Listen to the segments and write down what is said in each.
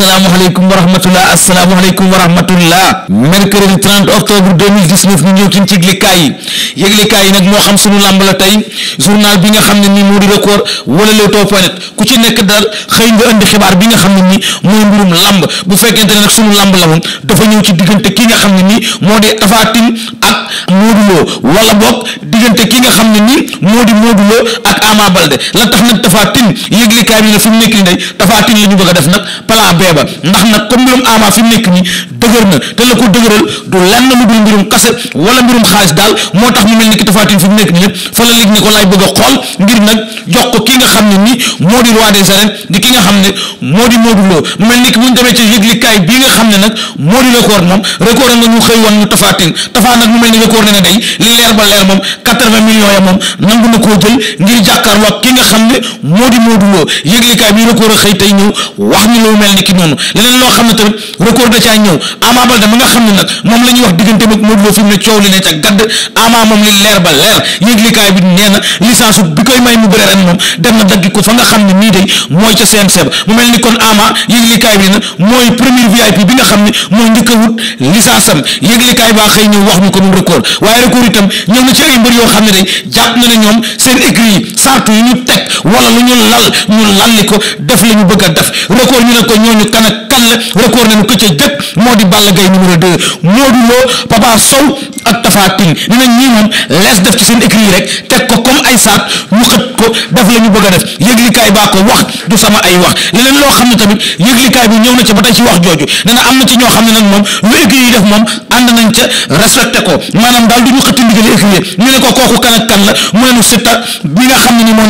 asalaamaaleykum wa rahmatullah asalaamaaleykum wa rahmatullah mercredi 30 octobre 2019 ñëw ci ci yëglikaay yi yëglikaay yi nag moo xam sunu làmb la tey journal bi nga xam ne nii moo di record ku ci nekk daal xëy nga indi bi nga ne nii mooy mbirum làmb bu fekkente ne nag sunu làmb la woon dafa ñëw ci diggante ki nga xam ne nii moo di Tapha Tine ak Modou Lo wala boog diggante ki nga xam ne nii moo di moo Lo ak Ama Baldé la tax nag Tapha Tine yëglikaay bi ne fi mu nekk nii day Tapha Tine la ñu bëgg a def nag plan B feebar ndax nag comme mbirum ama fi mu nekk nii dëgër na te la ko dëgëral du lenn lu dul mbirum kase wala mbirum xaalis daal moo tax mu mel ni ki Tapha Tine fi nekk nii fa la lig ni ko laay bëgg a xool ngir nag jox ko ki nga xam ne nii moo di roi des arènes di ki nga xam ne moo di Modou Lo mu mel ki bu ñu demee ci yëglikaay bii nga xam ne nag moo di record moom record nga ñu xëy woon ñu Tapha Tine Tapha nag mu mel ni record ne na day ba leer moom quatre-vingts millions ya moom nangu na koo ngir jàkkaarloo ak ki nga xam ne moo di Modou Lo yëglikaay bi record a xëy tey ñëw wax ñu lu mel ni ki noonu leneen loo xam ne tamit record da caa ñëw Ama Baldé ma nga xam ne nag moom la ñuy wax diggante mag Modou Lo fi mu ne coow li ne ca gadd Ama moom li leer ba leer yëglikaay bi nee na licence bi koy may mu bëre ren moom dem na dagg ko fa nga xam ne nii day mooy ca CNG ba mu mel ni kon Ama yëglikaay bi ne mooy premier VIP bi nga xam ne mooy njëkk a wut licence am yëglikaay baa xëy ñëw wax ñu ko moom record waaye record itam ñëw na ci ay mbër yoo xam ne day jàpp na ne ñoom seen écrit yi sartu yu ñu teg wala lu ñu lal ñu lalli ko def la ñu bëgg a def record ñu ne ko ñooñu kan ak kan la record nañu ko ca jëkk moo di Balla Gaye numéro 2 Modou Lo Papa Sow ak Tapha Tine nee na ñii moom lees def ci seen écrit yi rek teg a def yëglikaay baa du loo xam ne tamit yëglikaay na ca ba tey ci wax jooju xam ne nag moom lu écrit yi def moom ànd ko maanaam daal du ñu xëtti ndigal écrit ñu ne ko kooku kan ak kan la mu ñii moom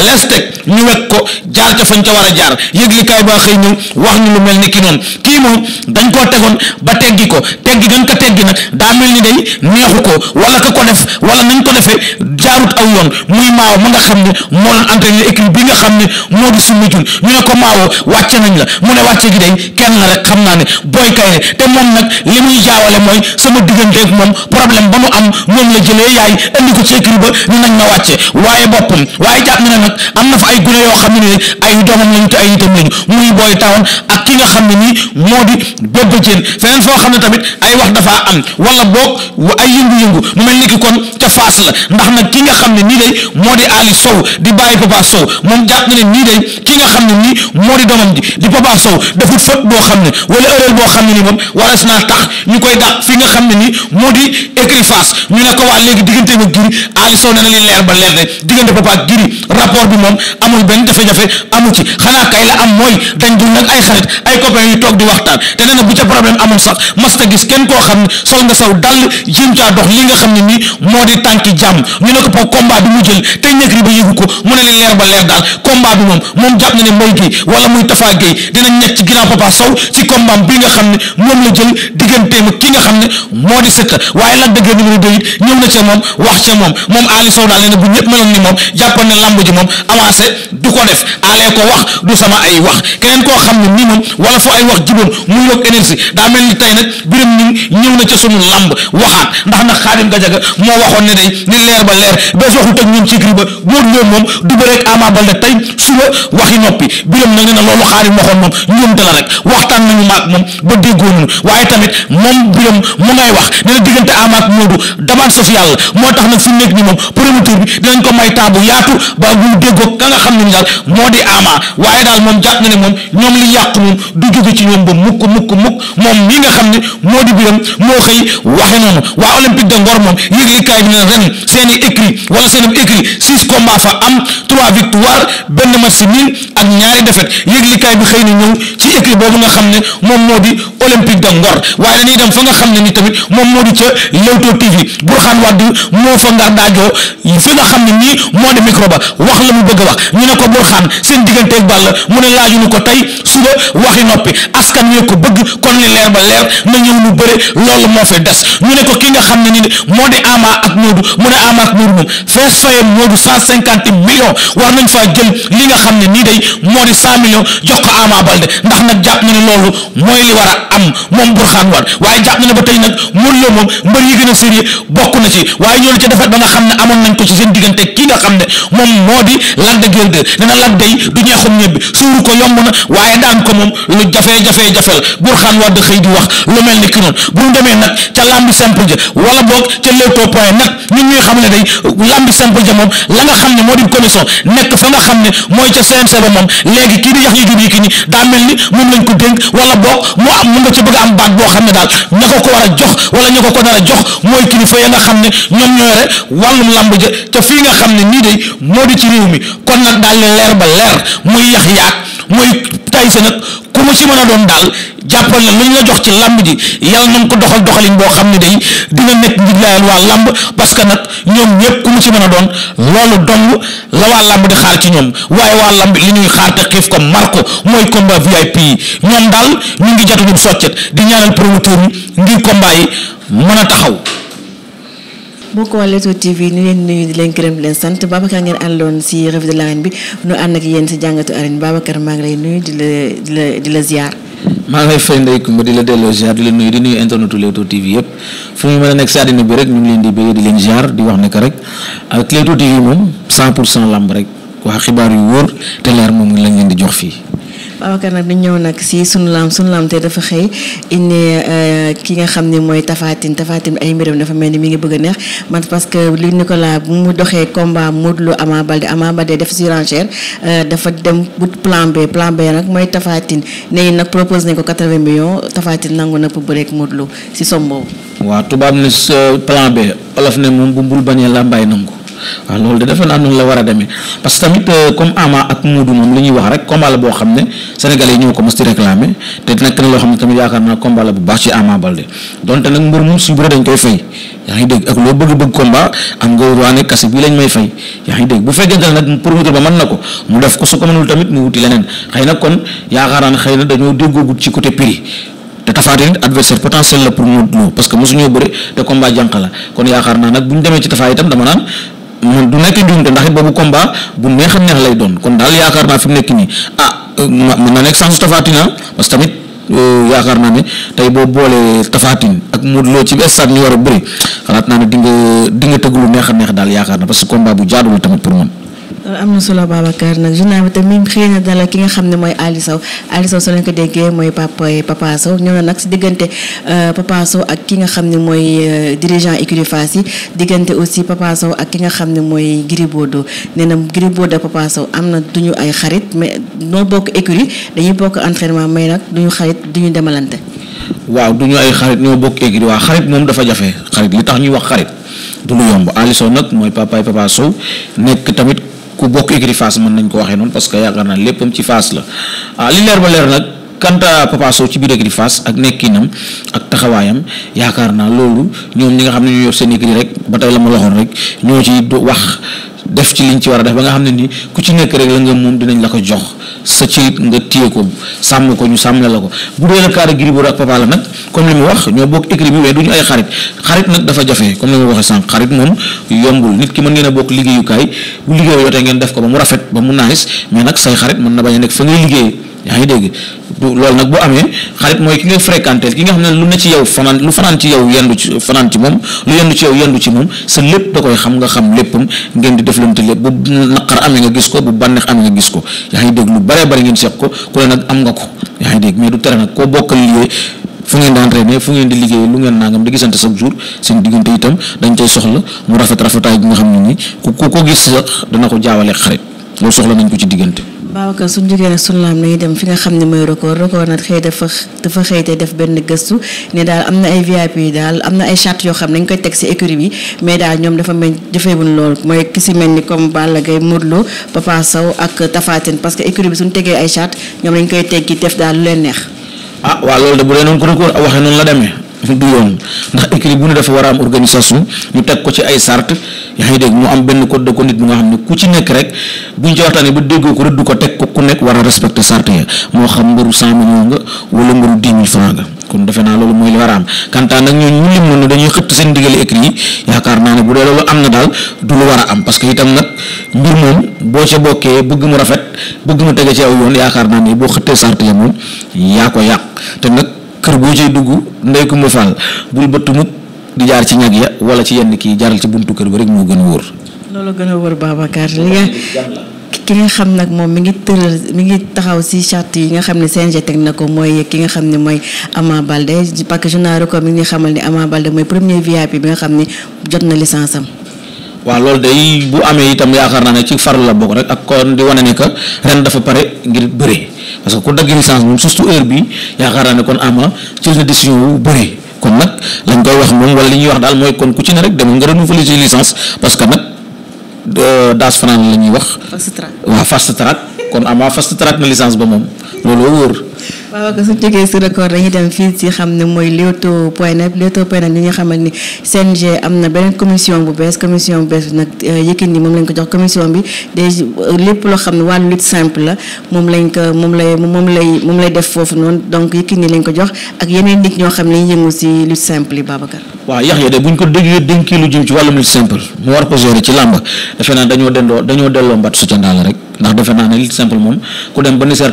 lees teg ñu wekk ko jaar jaar ca fañ ca war a jaar yëglikaay baa xëy ñëw wax ñu lu mel ni ki noonu kii moom dañ koo tegoon ba teggi ko teggi gan ko teggi nag daa mel ni day neexu ko wala ka ko def wala nañ ko defee jaarut aw yoon muy maawo ma nga xam ne moo doon entraîné bi nga xam ne moo di summi ñu ne ko maawo wàcce nañ la mu ne wàcce gi day kenn la rek xam naa ne booy kay ne te moom nag li muy jaawale mooy sama diggante moom problème ba mu am moom la jëlee yaay indi ko ci équipe ba ñu nañ na wàcce waaye boppam waaye jàpp na ne nag am na fa ay gune yoo xam ne ay doomam lañ te ay nitam lañu muy booy tawoon ak ki nga xam ne nii moo di bébba jeen feneen foo xam ne tamit ay wax dafaa am wala boog ay yëngu-yëngu mu mel ni ki kon ca faas la ndax nag ki nga xam ne nii day moo di Ali Sow di bàyyi Papa Sow moom jàpp na ne nii day ki nga xam ne nii moo di doomam ji di Papa Sow defut fët boo xam ne wala erreur boo xam ne nii moom waras naa tax ñu koy dàq fi nga xam ne nii moo di écrit faas ñu ne ko waa léegi diggante ba giri Ali Sow nee na li leer ba leer ne diggante Papa giri rapport bi moom amul benn jafe-jafe amu ci xanaa kay la am mooy dañ dul nag ay xarit ay copains yu toog di waxtaan te nee na bu ca problème amul sax mas gis kenn koo xam ne sol nga saw dal jéem caa dox nga xam ne nii moo di tànki jàmm ñu ne ko pour combat bi mu jël te ñëkk ko mu ne leen leer ba leer daal combat bi moom moom jàpp na ne Mbaye Guèye wala muy Tafa Guèye dinañ nekk ci nga xam ne moom la jël digganteem ki nga xam ne moo di sëkk waaye la dëggee numéro deux it ñëw na ca moom wax ca moom moom Aliou Sow daal nee na bu ñëpp meloon ni moom jàppoon ne lamb ji moom avancé du ko def yee ko wax du sama ay wax keneen koo xam ne nii moom wala fa ay wax juboon muy yokk énergie daa mel ni tey nag biram ñun ñëw na ca sunu lamb waxaat ndax nag xaadim gajaga moo waxoon ne day ni leer ba leer bés waxu teg ñoom ci gri ba moom loolu moom du ba rek Ama Baldé tey suba waxi noppi biram nag na loolu xaadim waxoon moom ñoom dala rek waxtaan nañu maag moom ba déggoo ñu waaye tamit moom biram mu ngay wax ne na diggante Ama ak Modou damaan sa fi yàlla moo tax nag fi mu nekk ni moom promoteur bi dinañ ko may taabu yaatu ba bu déggoo ka nga xam ne daal moo di ama waaye daal moom jàpp na ne moom ñoom li yàqu moom du jóge ci ñoom ba mukk mukk mukk moom mii nga xam ne moo di biram moo xëy wax noonu waa olympique de Ngor moom yëglikaay bi ne ren seen i écrit wala seen i écrit six combats fa am trois victoires benn match nul ak ñaari défaite yëglikaay bi xëy na ñëw ci écrit boobu nga xam ne moom moo di olympique de waaye dañuy dem fa nga xam ne ni tamit moom moo di ca Leewtoo TV Burxaan Wàddu moo fa ngar daajoo fi nga xam ne moo di micro ba wax la mu bëgg wax ñu ne ko Burxaan seen diggante ak Balla mu ne laajuñu ko tey suba waxi noppi askan ñee ko bëgg kon li leer ba leer na ñëw ñu bëre loolu moo fi des mu ne ko ki nga xam ne ni moo di Ama ak Modou mu ne Ama ak Modou moom fees fayam Modou cent cinquante millions war nañ faa jël li nga xam ne nii day moo di cent millions jox ko Ama Baldé ndax nag jàpp na ne loolu mooy li war a am moom Burxaan war waaye jàpp na ne ba tey nag Modou Lo moom mbër yi gën a sérieux bokk na ci waaye ñoo ci defet xam ne amoon nañ ko ci seen diggante ki nga xam ne moom moo di Lac de Guiers 2 dana Lac day du ñeexum ñebbi suuru ko yomb na waaye daan ko moom lu jafee-jafee jafeel burxaan wadd xëy di wax lu mel ni ki noonu bu ñu demee nag ca lambi simple ja wala boog ca Leewtoo point nag ñun ñuy xam ne day lambi simple ja moom la nga xam ne moo di commission nekk fa xam ne mooy ca CNG ba moom léegi kii di yax yu jub yi ki ni mel ni moom lañ ko dénk wala boog mu am mun nga ci bëgg am baat boo xam ne daal ña ko ko war a jox wala ña ko ko nar a jox mooy fa ya nga xam ne ñoom ñoo yore wàllum lamb ja te fii nga xam ne nii day moo di ci réew mi kon nag daal leer ba leer leer muy yax yaag muy tay sa nag ku mu ci mën a doon daal jàppal na lu ñu la jox ci làmb ji yàlla nañ ko doxal doxalin boo xam ne day dina nekk njiglaayal waa làmb parce que nag ñoom ñëpp ku mu ci mën a doon loolu dong la waa làmb di xaar ci ñoom waaye waa làmb yi ñuy xaar te xiif ko marko mooy combat VIP yi ñoom daal mu ngi jatuñu soccet di ñaanal promoteur yi ngir combat yi mën a taxaw mbokk waa Leewtoo TV ñu leen nuyu di leen gërëm leen sant Babacar ngeen àndoon si revue de l'arène bi nu ànd ak yéen si jàngatu arène Babacar maa ngi lay nuyu di la di la di la ziar. maa ngi lay fay Ndeye Coumba di la delloo ziar di la nuyu di nuyu internetu Leewtoo TV yëpp fu ñu mën a nekk si àddina bi rek ñu ngi leen di bëgg di leen ziar di wax ne que rek ak Leewtoo TV moom 100 pour cent làmb rek waa xibaar yu wóor te leer moom lañ leen di jox fii. Babacar nag dañ ñëw nag si sunu laam sunu laam te dafa xëy indi euh, ki nga xam ni mooy tafaatin Tafatine ay mbiram dafa mel ni mi ngi bëgg a neex man parce que li Nicolas bu mu doxee combat Modou Lo Ama Baldé Ama Baldé def surenchère euh, dafa dem bu plan B plan B nag mooy tafaatin nee nag propose nañ ko 80 million tafaatin nangu na pour bëreek Modou Lo si somme boobu. waaw tubaab ne euh, plan B olof ne moom bu mbul bañee làmbaay nangu. waaw loolu de defe naa noonu la war a demee parce que tamit euh, comme Ama ak Modou moom li wax rek combat la boo xam ne Sénégalais yi ñoo ko mos di réclamer te loo xam ne tamit yaakaar naa combat bu baax ci Ama nag mbër moom koy fay yaa ngi dégg ak loo bëgg-bëgg combat am nga bu fekkente ne nag promoteur ko mu def ko su ko mënul tamit mu kon yaakaar naa ne xëy na dañoo ci côté prix te tafaati nit adversaire potentiel la pour Modou Lo parce que mosuñoo bëri te jànq la kon yaakaar naa nag bu ñu demee ci tafaay itam dama naan mun du nekk njuumte ndax it boobu combat bu neex a neex lay doon kon daal yaakaar naa fi mu nekk nii ah mën na nekk sans tafatina ah, parce que tamit euh, yaakaar naa ne tey boo boolee tafaatin ak Modou Lo ci stade ñu war a bëri xalaat naa ne di nga di nga tëgg lu neex a neex daal yaakaar na parce que combat bu jaadu tamit pour man. Euh, am na solo Babacar nag journal bi tamit xëy na dala ki nga xam ne mooy Ali Sow Ali Sow soo leen ko déggee mooy euh, papa papa ñoo nag si diggante euh, papa ak ki nga xam ne mooy dirigeant écurie Fass yi diggante aussi papa ak ki nga xam ne mooy Gris Bordeaux nee na Gris Bordeaux papa Sow am na duñu ay xarit mais noo bokk écurie dañuy bokk entraînement mais nag duñu xarit duñu demalante. waaw duñu ay xarit ñoo bokk écurie waaw xarit moom dafa jafe xarit li tax ñuy wax xarit du nag mooy papa papa nekk tamit. ku bokk écurie Fass mën nañ ko waxee noonu parce que yaakaar naa léppam ci Fass la ah li leer ba leer nag kanta Papa Sow ci biir écurie Fass ak nekkinam ak taxawaayam yaakaar naa loolu ñoom ñi nga xam ne ñoo yor seen écurie rek ba tey la ma waxoon rek ñoo ci wax def ci liñ ci war a def ba nga xam ne nii ku ci nekk rek la nga moom dinañ la ko jox sa cëyit nga téye ko sàmm ko ñu sàmm ne la ko bu dee la kaara Gris ak Papa la nag comme li mu wax ñoo bokk écrit bi mais du ñu ay xarit xarit nag dafa jafe comme li ma waxee sànq xarit moom yombul nit ki mën ngeen a bokk liggéeyukaay bu liggéey yootee ngeen def ko ba mu rafet ba mu nice mais nag say xarit mën na bañ a nekk fa ngay liggéey yaa ngi dégg loolu nag bu amee xarit mooy ki nga fréquenté ki nga xam ne lu ne ci yow fanaan lu fanaan ci yow yendu ci fanaan ci moom lu yendu ci yow yendu ci moom sa lépp da koy xam nga xam léppam ngeen di deflante lépp bu naqar amee nga gis ko bu bànneex amee nga gis ko yaa ngi dégg lu baree bari ngeen seq ko ku ne nag nga ko yaa ngi mais du tere nag koo bokkal liggéey fu ngeen di entraîné fu ngeen di liggéey lu ngeen nangam di gisante chaque jour seen diggante itam dañ cay soxla mu rafet rafetaay bi nga xam ne nii ku ko gis sax dana ko jaawale xarit loolu soxla nañ ko ci diggante ka suñ jógee nag suñu laam nañu dem fi nga xam ne mooy record record nag xëy dafa dafa xëy te def benn gëstu ne daal am na ay VIP daal am na ay charte yoo xam ne dañ koy teg si écurie bi mais daal ñoom dafa mel jëfeewuñ lool mooy ki si mel ni comme Balla Gaye Modou Lo Papa Sow ak Tapha Tine parce que écurie bi suñ tegee ay charte ñoom dañ koy teggi def daal lu leen neex ah waaw loolu de bu dee noonu ko record waxee noonu la demee du yoon dafa ko ci am benn code de conduite xam ne ku ci nekk rek buñ ci ko rëdd ko ko ku nekk war a respecter sart ya moo xam mbaru cent millions nga wala mbaru dix mille francs nga kon defe naa loolu mooy li war a am kantaa nag ñooñu ñu lim noonu dañuy xëtt seen digale écrit yi yaakaar naa ne na daal du lu war a am parce que boo mu rafet bëgg mu tege ci aw yoon yaakaar naa ne boo xëttee sart ya moom yaa ko yàq te nag kër boo cay dugg ndey ko ma faal bul bëtt mukk di jaar ci ñag ya wala ci yenn kii jaaral ci buntu kër ba rek moo gën a wóor loolu gën a wóor Babacar li nga ki nga xam nag moom mi ngi tëral mi ngi taxaw si charte yi nga xam ne CNG teg na ko mooy ki nga xam ne mooy Ama Baldé parce que journal Record mi ngi xamal ni Ama Baldé mooy premier VIP bi nga xam ni jot na licence am waaw loolu de bu amee itam yaakaar naa ne ci farlu la bokk rek ak kon di wane ne que ren dafa pare ngir bëri parce que ku dagg licence moom surtout heure bi yaakaar naa ne kon ama jël na décision wu bëri kon nag lañ koy wax moom wala li ñuy wax daal mooy kon ku ci ne rek dem nga renouveler sa licence parce que nag euh, daas fanaan la ñuy wax. fast track waaw fast track kon ama fast track na licence ba moom looloo wóor. waaw ko suñ jógee si record dañuy dem fii ci xam ne mooy Leewtoo point net Leewtoo point net li nga xamante ni CNG am na beneen commission bu bees commission bu bees bi nag euh, Yékini moom lañ ko jox commission bi des euh, lépp loo xam ne wàllu lutte simple la moom lañ ko moom lay moom lay moom lay def foofu noonu donc Yékini lañ ko jox ak yeneen nit ñoo xam ne ñu yëngu si lutte simple yi Babacar. waaw yax ya de buñ ko déggee dénkee lu jëm ci wàllum lutte simple mu war ko gérer ci làmb defe naa dañoo dendoo dañoo delloo mbat su ca ndaala rek ndax defe naa ne lutte simple moom ku dem ba ni seer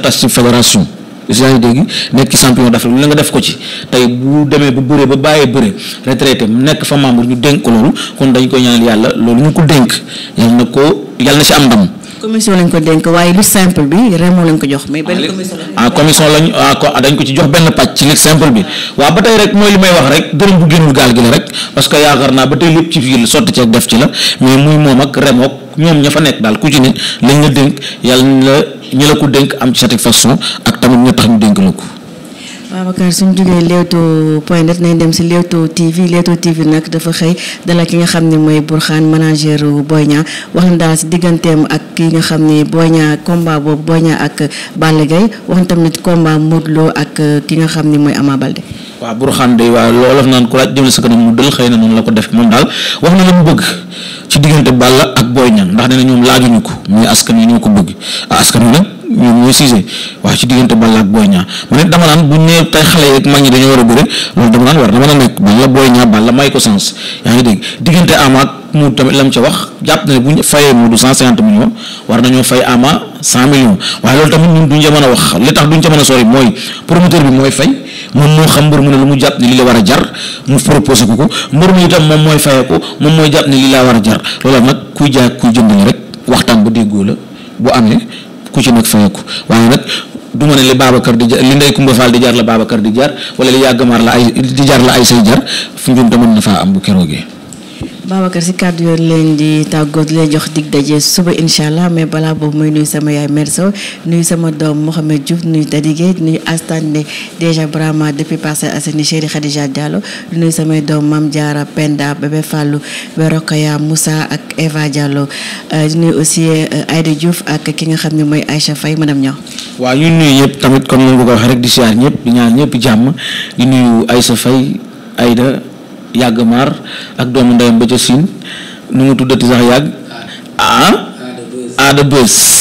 yaa ngi dégg nekk ci champion d'Afrique lu la nga def ko ci tey bu demee ba bëre ba bàyyee bëre retraité nekk fa membre ñu dénk ko loolu kon dañ koy ñaanal yàlla loolu ñu ko dénk yàlla na ko yàlla na am ndam. commission lañ ko dénk waaye lu simple bi Raymond ko jox. mais benn ah, ah, ah, ko ci jox benn pàcc ci li simple bi waaw ba mooy li may wax rek dërëm bu génnul gaal gi la que yaakaar naa ba tey lépp ci fii la sotti ci ak def daal ku ci ne lañ la dénk yàlla ñu la ñu ko dénk am ci satisfaction ak tamit ña tax ñu dénk la ko. Babacar suñ jógee Leewtoo point net nañ si Leewtoo TV Leewtoo TV nag dafa xëy dala ki nga xam ne mooy Bourkhane manager Boy Niang wax na daal si digganteem ak ki nga xam ne Boy Niang combat boobu Boy Niang ak Balla Gaye wax na tamit combat Lo ak ki nga xam ne mooy Ama Baldé. waaw Bourkhane day waaw loolof naan ku laaj sa kanam mu dël xëy na noonu la ko def moom daal wax na la mu bëgg ci diggante Balla ak Boy Niang ndax nee na ñoom laajuñu ko muy askan wi ñoo ko bëgg ah, askan wi nag. ñoom ñooy Cissé waaw ci diggante Balla ak Boy Niang ma ne dama naan bu ñëwee tey xale yeeg mag ñi dañoo war a bëre loolu dama naan war dama na nekk Balla Boy Niang may ko sens yaa ngi dégg diggante Ama ak Modou la mu wax jàpp na ne bu ñu fayee Modou cent cinquante millions war nañoo fay Ama cent millions waaye loolu tamit ñun duñ a wax li tax duñ ca mën a sori mooy promoteur bi mooy fay moom moo xam mbër mu ne lu mu jàpp ne lii la war a jar mu proposé ko ko mbër mu itam moom mooy fayee ko moom mooy jàpp ne lii laa war a jar loolu nag kuy jaay kuy jënd rek waxtaan ba déggoo la bu amee ku ci nag fayeku waaye nag du ma ne li Babacar di jar li Ndeye Coumba di jar la Babacar di jar wala li yàggamar la ay di jar la ay say jar fu njum te mën na faa am bu keroogee Babacar si kàddu yoon leen di tàggoo di leen jox dig daje suba incha mais balaa boobu mooy nuyu sama yaay Mère Sow sama doom Mouhamed Diouf nuyu Dadigé nuyu Astane déjà Brahma depuis Parcelles Assainies Chéri Khadija Diallo nuyu samay doom Mame Diarra Penda Bébé Fallou Berokaya Moussa ak Eva Diallo euh, nuyu aussi euh, Aïda Diouf ak ki nga xam ne mooy Aïcha Faye madame Niang. waaw ñu nuyu ñëpp tamit comme ni nga ko waxee rek di siyaar ñëpp di ñëpp jàmm di nuyu Aïcha Faye Aïda. yàgg maar ak doomu ndeyam ba ca Chine nu mu tuddati sax yàgg ah aada bës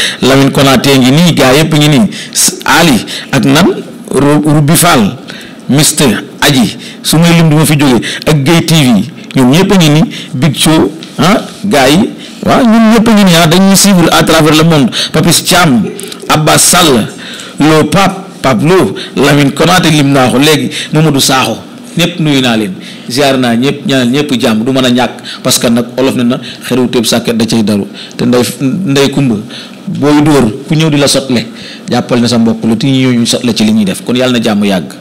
Lamine Konaté ngi nii gaa yëpp ngi nii Ali ak nan Rubi Fall Mister Aji su may lim du fi jóge ak Gueye TV ñoom ñëpp a ngi nii Big Show ah gaa yi waaw ñun ñëpp a ngi nii ah dañuy suivre à travers le monde Papis Thiam Abba Sall Lo Pape Pape Lo Lamine Konaté lim naa ko léegi Mamadou Sakho. ñëpp nuyu naa leen ziar naa ñëpp ñaanal ñëpp jàmm du man a ñàkk parce que nag olof ne na xerew téeb sàkket da cay daru te nday nday kumba booy dóor ku ñëw di la sotle jàppal na sa mbokk la te ñooñu sotle ci li ñuy def kon yàlla na jàmm yàgg.